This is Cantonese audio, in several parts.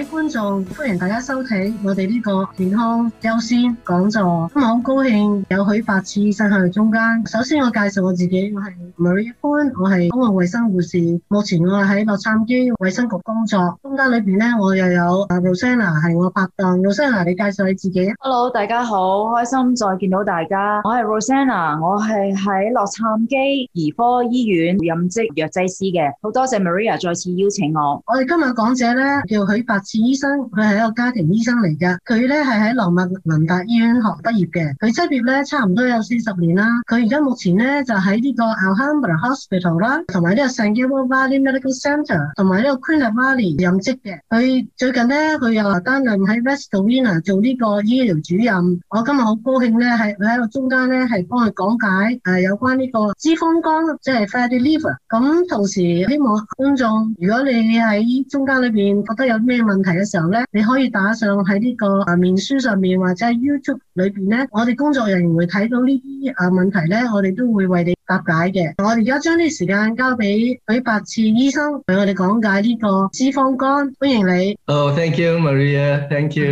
各位觀眾歡迎大家收睇我哋呢個健康優先講座。今日好高興有許伯賜醫生喺中間。首先我介紹我自己，我係 Maria，我係公共衛生護士，目前我係喺洛杉磯衛生局工作。中間裏邊呢，我又有 Rosanna 係我拍檔，Rosanna，你介紹你自己。Hello，大家好，開心再見到大家。我係 Rosanna，我係喺洛杉磯兒科醫院任職藥劑師嘅。好多謝 Maria 再次邀請我。我哋今日講者咧叫許伯。此醫生佢係一個家庭醫生嚟嘅。佢咧係喺羅密文達醫院學畢業嘅，佢執業咧差唔多有四十年啦。佢而家目前咧就喺呢個 Alhambra Hospital 啦，同埋呢個 San Gabriel Valley Medical Center，同埋呢個 Queen of Valley 任職嘅。佢最近咧佢又擔任喺 West Covina 做呢個醫療主任。我今日好高興咧係佢喺個中間咧係幫佢講解誒、呃、有關呢個脂肪肝，即係 Fatty Liver。咁同時希望公眾，如果你喺中間裏邊覺得有咩問題，問題嘅時候咧，你可以打上喺呢個啊面書上面或者 YouTube 裏邊咧，我哋工作人員會睇到呢啲啊問題咧，我哋都會為你答解嘅。我而家將啲時間交俾許百熾醫生俾我哋講解呢個脂肪肝，歡迎你。Oh, thank you, Maria. Thank you,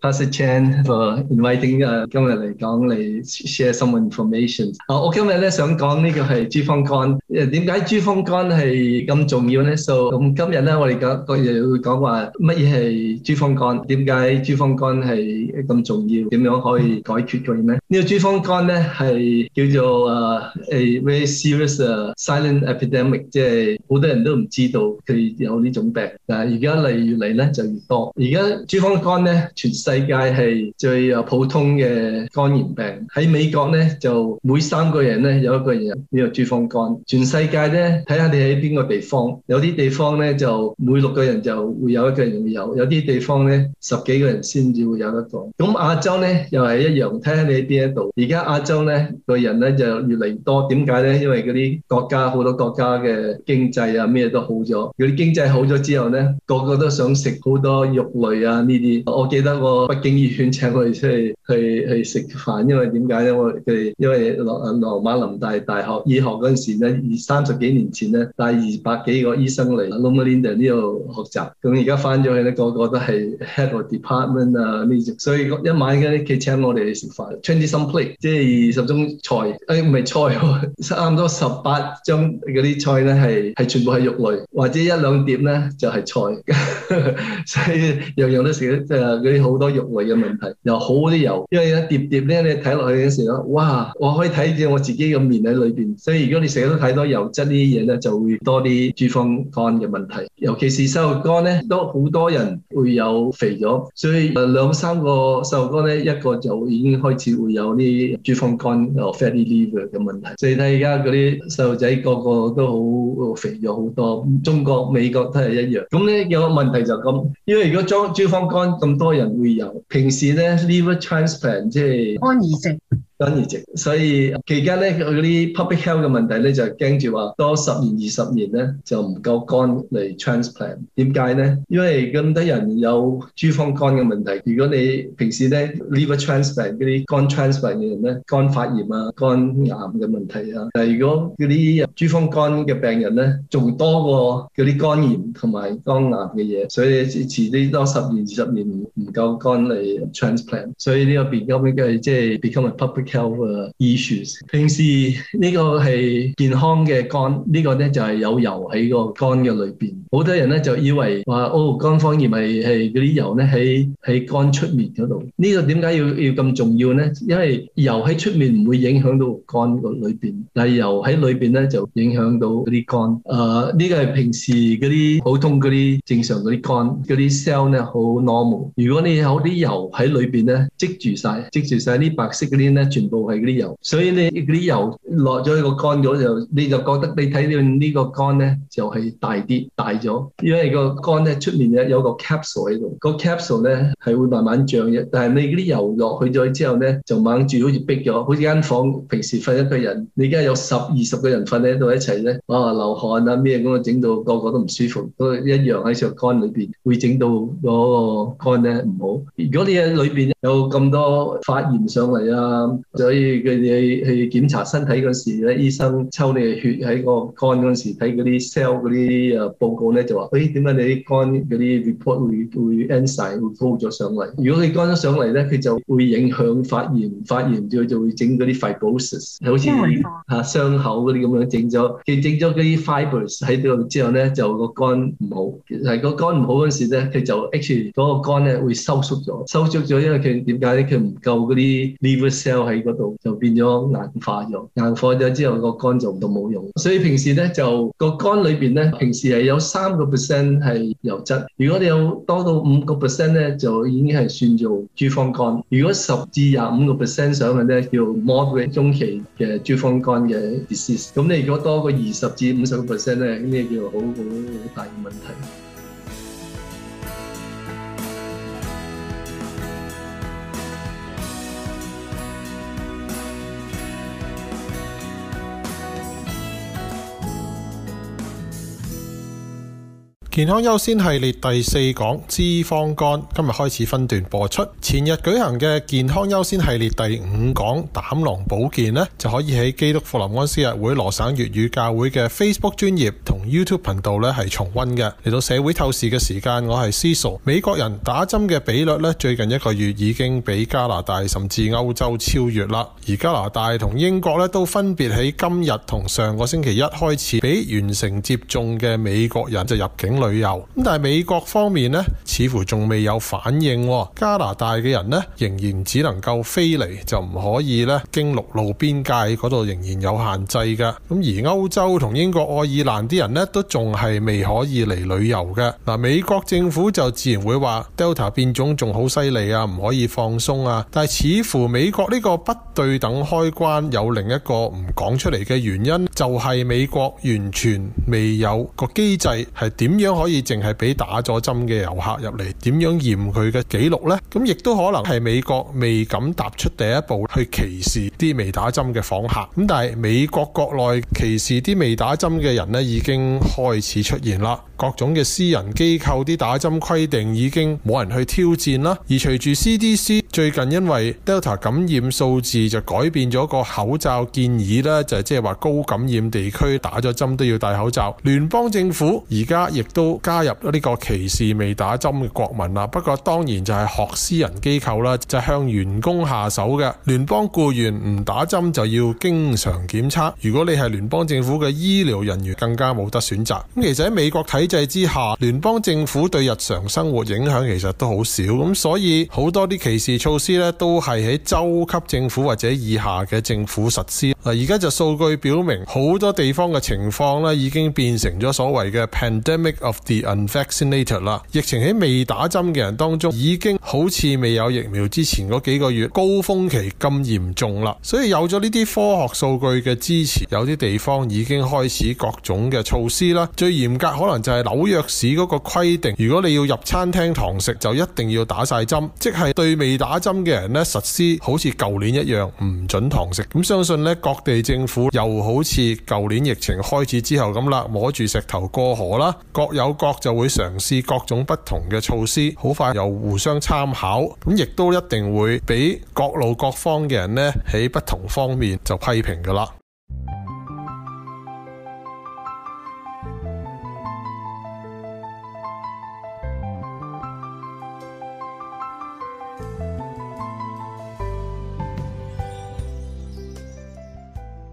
Professor Chan for inviting 今日嚟講你 share some information。啊，我今日咧想講呢個係脂肪肝，點解脂肪肝係咁重要咧？So, 咁今日咧，我哋講，我亦會講話乜？係脂肪肝，點解脂肪肝係咁重要？點樣可以解決佢咧？呢個脂肪肝咧係叫做誒 very serious 嘅 silent epidemic，即係好多人都唔知道佢有呢種病。但係而家嚟越嚟咧就越多。而家脂肪肝咧，全世界係最有普通嘅肝炎病。喺美國咧，就每三個人咧有一個人有呢個脂肪肝。全世界咧，睇下你喺邊個地方，有啲地方咧就每六個人就會有一個人。有有啲地方咧，十幾個人先至會有得講。咁亞洲咧，又係一樣，睇下你邊一度。而家亞洲咧，個人咧就越嚟越多。點解咧？因為嗰啲國家好多國家嘅經濟啊，咩都好咗。嗰啲經濟好咗之後咧，個個都想食好多肉類啊呢啲。我記得我北京醫院請我哋出去去去食飯，因為點解咧？我哋因為羅啊羅馬林大大，大學醫學嗰時咧，二，學時呢二三十幾年前咧，帶二百幾個醫生嚟 Loma Linda 呢度學習。咁而家翻咗去。咧個個都係 head of department 啊呢隻，所以一晚嘅咧佢請我哋食飯，twenty some plate，即係二十種菜，誒唔係菜喎，差唔多十八張嗰啲菜咧係係全部係肉類，或者一兩碟咧就係、是、菜， 所以樣樣都食即係嗰啲好多肉類嘅問題，又好啲油，因為一碟碟咧你睇落去嘅時候，哇，我可以睇住我自己嘅面喺裏邊，所以如果你成日都食多油脂呢啲嘢咧，就會多啲脂肪肝嘅問題，尤其是濕熱肝咧都好多。人會有肥咗，所以誒兩三個細路哥咧，一個就已經開始會有啲脂肪肝又 fatty liver 嘅問題。你睇而家嗰啲細路仔個個都好肥咗好多，中國美國都係一樣。咁咧有個問題就咁，因為如果裝脂肪肝咁多人會有，平時咧 liver transplant 即係肝移植。所以而家咧嗰啲 public health 嘅問題咧就係驚住話多十年二十年咧就唔夠肝嚟 transplant。點解咧？因為咁多人有脂肪肝嘅問題。如果你平時咧 liver transplant 嗰啲肝 transplant 嘅人咧肝發炎啊、肝癌嘅問題啊，但係如果嗰啲脂肪肝嘅病人咧仲多過嗰啲肝炎同埋肝癌嘅嘢，所以遲啲多十年二十年唔唔夠肝嚟 transplant。所以呢個變咗嘅即係 become a public Health、issues，平時呢個係健康嘅肝，呢、呢個呢就係有油喺個肝嘅裏邊。好多人咧就以為話哦肝方而咪係嗰啲油咧喺喺肝出面嗰度。呢個點解要要咁重要咧？因為油喺出面唔會影響到肝個裏邊，但係油喺裏邊咧就影響到嗰啲肝。誒呢個係平時嗰啲普通嗰啲正常嗰啲肝嗰啲 cell 咧好 normal。如果你有啲油喺裏邊咧積住曬，積住曬啲白色嗰啲咧全部係嗰啲油。所以你嗰啲油落咗去個肝咗就，你就覺得你睇到呢個肝咧就係大啲大。因為個肝咧出面咧有個 capsule 喺度，個 capsule 咧係會慢慢脹嘅。但係你啲油落去咗之後咧，就猛住好似逼咗，好似間房平時瞓一個人，你而家有十二十個人瞓喺度一齊咧，啊流汗啊咩咁啊，整到個個都唔舒服，都一樣喺著肝裏邊會整到嗰個肝咧唔好。如果你喺裏邊有咁多發炎上嚟啊，所以佢哋去檢查身體嗰時咧，醫生抽你嘅血喺個肝嗰陣時睇嗰啲 cell 嗰啲啊報告。咧就話，誒點解你啲肝嗰啲 report 會會 end 曬，會高咗上嚟？如果你肝咗上嚟咧，佢就會影響發炎，發炎之後就會整嗰啲 fibrosis，好似嚇傷口嗰啲咁樣整咗。佢整咗嗰啲 fibers 喺度之後咧，就個肝唔好。係個肝唔好嗰陣時咧，佢就 H 嗰個肝咧會收縮咗，收縮咗，因為佢點解咧？佢唔夠嗰啲 liver cell 喺嗰度，就變咗硬化咗。硬化咗之後，個肝就唔到冇用。所以平時咧就、個肝裏邊咧，平時係有三三個 percent 係油質，如果你有多到五個 percent 咧，就已經係算做脂肪肝；如果十至廿五個 percent 上嘅咧，叫 moderate 中期嘅脂肪肝嘅 disease。咁你如果多過二十至五十個 percent 咧，咁你叫好好大問題。健康優先系列第四講脂肪肝，今日開始分段播出。前日舉行嘅健康優先系列第五講膽囊保健呢，就可以喺基督復臨安息日會羅省粵語教會嘅 Facebook 專頁同 YouTube 頻道呢係重溫嘅。嚟到社會透視嘅時間，我係思傻。美國人打針嘅比率呢，最近一個月已經比加拿大甚至歐洲超越啦。而加拿大同英國呢，都分別喺今日同上個星期一開始俾完成接種嘅美國人就入境率。旅遊咁，但係美國方面，呢，似乎仲未有反應喎。加拿大嘅人呢，仍然只能夠飛嚟，就唔可以咧，經陸路邊界嗰度仍然有限制嘅。咁而歐洲同英國、愛爾蘭啲人呢，都仲係未可以嚟旅遊嘅。嗱、啊，美國政府就自然會話 Delta 變種仲好犀利啊，唔可以放鬆啊。但係似乎美國呢個不對等開關有另一個唔講出嚟嘅原因，就係、是、美國完全未有個機制係點樣。都可以淨係俾打咗針嘅遊客入嚟，點樣驗佢嘅記錄呢？咁亦都可能係美國未敢踏出第一步去歧視啲未打針嘅訪客。咁但係美國國內歧視啲未打針嘅人呢，已經開始出現啦。各種嘅私人機構啲打針規定已經冇人去挑戰啦，而隨住 CDC 最近因為 Delta 感染數字就改變咗個口罩建議啦，就係即係話高感染地區打咗針都要戴口罩。聯邦政府而家亦都加入呢個歧視未打針嘅國民啦。不過當然就係學私人機構啦，就向員工下手嘅。聯邦僱員唔打針就要經常檢測。如果你係聯邦政府嘅醫療人員，更加冇得選擇。咁其實喺美國睇制之下，聯邦政府對日常生活影響其實都好少，咁所以好多啲歧視措施咧都係喺州級政府或者以下嘅政府實施。嗱，而家就數據表明，好多地方嘅情況咧已經變成咗所謂嘅 pandemic of the unvaccinated 啦。疫情喺未打針嘅人當中已經好似未有疫苗之前嗰幾個月高峰期咁嚴重啦。所以有咗呢啲科學數據嘅支持，有啲地方已經開始各種嘅措施啦。最嚴格可能就係，是。紐約市嗰個規定，如果你要入餐廳堂食，就一定要打晒針，即係對未打針嘅人咧實施好似舊年一樣唔準堂食。咁相信咧，各地政府又好似舊年疫情開始之後咁啦，摸住石頭過河啦，各有各就會嘗試各種不同嘅措施，好快又互相參考，咁亦都一定會俾各路各方嘅人咧喺不同方面就批評噶啦。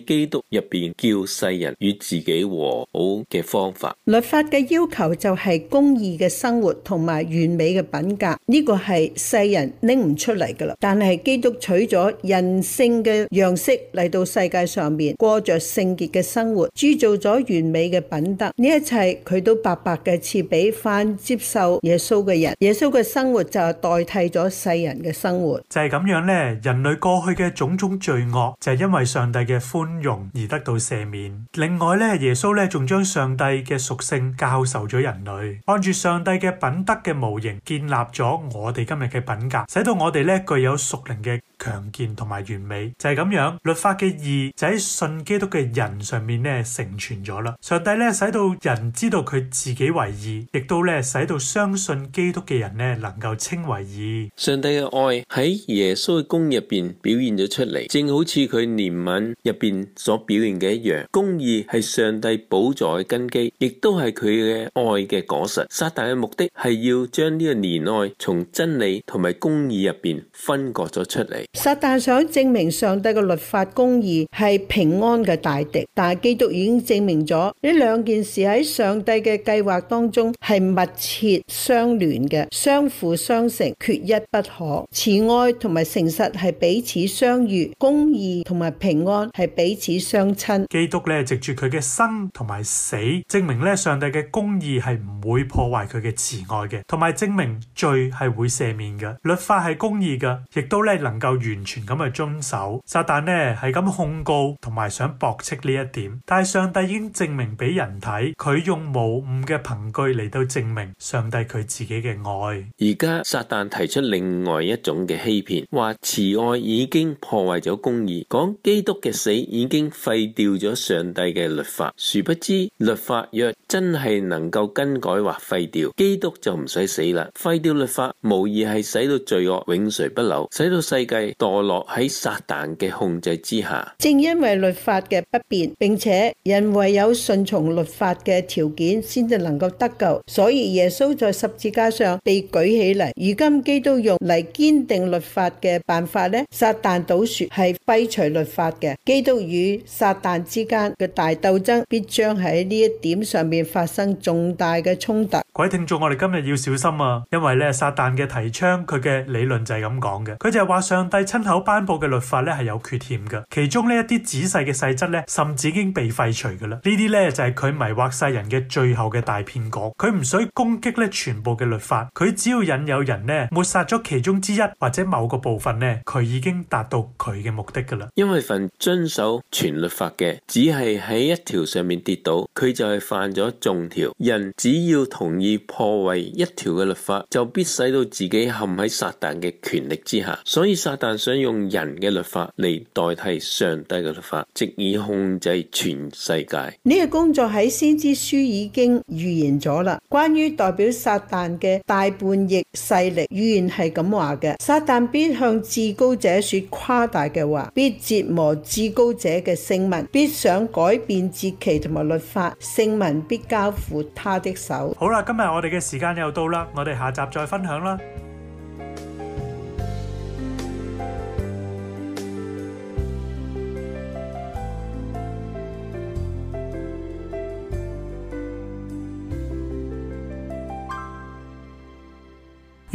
基督入邊叫世人與自己和好嘅方法，律法嘅要求就係公義嘅生活同埋完美嘅品格，呢個係世人拎唔出嚟噶啦。但係基督取咗人性嘅樣式嚟到世界上面過着聖潔嘅生活，鑄造咗完美嘅品德，呢一切佢都白白嘅賜俾凡接受耶穌嘅人。耶穌嘅生活就係代替咗世人嘅生活，就係、是、咁樣咧。人類過去嘅種種罪惡，就係因為上帝嘅寬。而得到赦免。另外咧，耶穌咧仲將上帝嘅屬性教授咗人類，按住上帝嘅品德嘅模型建立咗我哋今日嘅品格，使到我哋咧具有屬靈嘅強健同埋完美。就係咁樣，律法嘅義就喺信基督嘅人上面咧成全咗啦。上帝咧使到人知道佢自己為義，亦都咧使到相信基督嘅人咧能夠稱為義。上帝嘅愛喺耶穌嘅工入邊表現咗出嚟，正好似佢憐憫入邊。所表現嘅一樣，公義係上帝寶座嘅根基，亦都係佢嘅愛嘅果實。撒旦嘅目的係要將呢個憐愛從真理同埋公義入邊分割咗出嚟。撒旦想證明上帝嘅律法公義係平安嘅大敵，但係基督已經證明咗呢兩件事喺上帝嘅計劃當中係密切相連嘅，相輔相成，缺一不可。慈愛同埋誠實係彼此相遇，公義同埋平安係彼此。彼此相親，基督咧，藉住佢嘅生同埋死，證明咧上帝嘅公義係唔會破壞佢嘅慈愛嘅，同埋證明罪係會赦免嘅。律法係公義嘅，亦都咧能夠完全咁去遵守。撒旦呢，係咁控告同埋想駁斥呢一點，但係上帝已經證明俾人睇，佢用無誤嘅憑據嚟到證明上帝佢自己嘅愛。而家撒旦提出另外一種嘅欺騙，話慈愛已經破壞咗公義，講基督嘅死已。已經廢掉咗上帝嘅律法，殊不知律法若真係能夠更改或廢掉，基督就唔使死啦。廢掉律法，無疑係使到罪惡永垂不朽，使到世界墮落喺撒旦嘅控制之下。正因為律法嘅不變，並且人唯有順從律法嘅條件，先至能夠得救，所以耶穌在十字架上被舉起嚟。如今基督用嚟堅定律法嘅辦法呢？撒旦倒說係廢除律法嘅基督。與撒旦之間嘅大鬥爭，必將喺呢一點上面發生重大嘅衝突。各位聽眾，我哋今日要小心啊！因為咧，撒旦嘅提倡，佢嘅理論就係咁講嘅。佢就係話上帝親口頒布嘅律法咧，係有缺陷嘅。其中呢一啲仔細嘅細則咧，甚至已經被廢除噶啦。呢啲咧就係、是、佢迷惑世人嘅最後嘅大騙局。佢唔需要攻擊咧全部嘅律法，佢只要引誘人呢抹殺咗其中之一或者某個部分呢，佢已經達到佢嘅目的噶啦。因為份遵守。全律法嘅，只係喺一條上面跌倒，佢就係犯咗眾條。人只要同意破壞一條嘅律法，就必使到自己陷喺撒旦嘅權力之下。所以撒旦想用人嘅律法嚟代替上帝嘅律法，藉以控制全世界。呢個工作喺先知書已經預言咗啦。關於代表撒旦嘅大叛逆勢力，預言係咁話嘅：撒旦必向至高者說誇大嘅話，必折磨至高。者嘅聖民必想改變節期同埋律法，聖民必交付他的手。好啦，今日我哋嘅時間又到啦，我哋下集再分享啦。